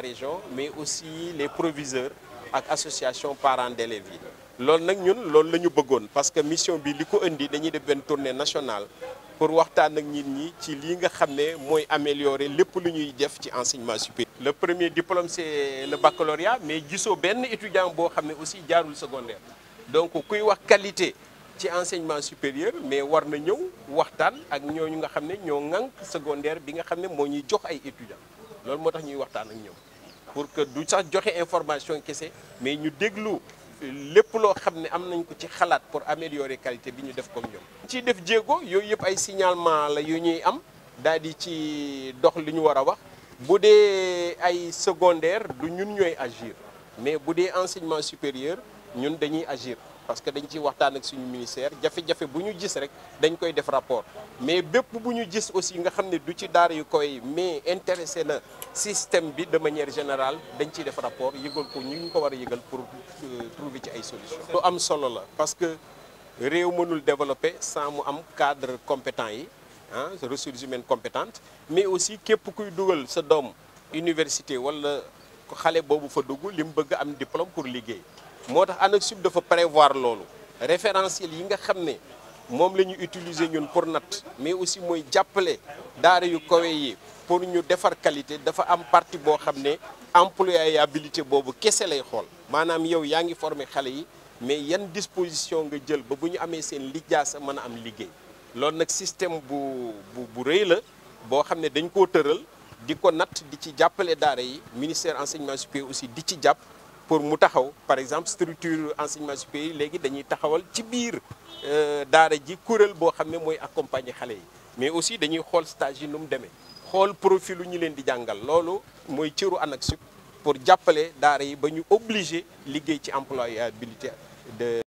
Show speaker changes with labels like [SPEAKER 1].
[SPEAKER 1] région mais aussi les proviseurs et associations parents d'élèves C'est ce que ñun voulons parce que mission est de faire une tournée nationale pour waxtaan ak ñi ci améliorer l'enseignement lu ñuy def supérieur. le premier diplôme c'est le baccalauréat mais il y un étudiant qui xam aussi le secondaire donc il a une qualité ci l'enseignement supérieur mais il faut ñëw waxtaan ak ñooñu nga en secondaire bi nga ont ñuy jox ay étudiants loolu moo ñuy waxtaan pour que du sax joxe information kese mais ñu déglu lépp loo xam ne am nañ ko ci xalaat pour améliorer qualité bi ñu def comme ñoom. ciy def jéego yooyu yëpp ay signalement la yu ñuy am daal di ci dox li ñu war wax bu ay secondaire du ñun ñooy agir mais bu enseignement supérieur ñun dañuy agir parce que dañ ci waxtaan ak suñu ministère jafé jafé buñu gis rek dañ koy def rapport mais bép buñu gis aussi nga xamné du ci daara yu koy mais intéressé na système bi de manière générale dañ ci def rapport yëgal ko ñu ko wara a yëgal pour euh, trouver ci ay solution do am solo la parce que réew mënul développer sans mu am cadre compétent yi hein ressources humaines compétentes mais aussi képp kuy dugal sa dom université wala xalé bobu fa dugg lim bëgg am diplôme pour liggéey motax tax ANAQ-Sup dafa prévoir loolu référentiel yi nga xamné mom lañu utiliser ñun pour nat mais aussi moy jappelé daara yu kawe yi pour ñu défar qualité dafa am partie bo xamné employabilité bobu kese lay xool maanaam yow yaangi ngi former xale yi mais yan disposition nga jël ba bu ñu amee seen mëna am liggéey lool nak système bu bu bu rëy la boo xam dañ ko tëral di ko di ci jàppale daara yi ministère enseignement supérieur aussi di ci pour mu taxaw par exemple structure enseignement supérieur les léegi dañuy taxawal ci biir euh, daara ji kuréel boo xam ne accompagner yi mais aussi dañuy xool stage yi nu mu demee xool profilu ñu leen di jàngal loolu mooy cëru pour jàppale daara yi ba ñu obligé liggéey ci employabilité de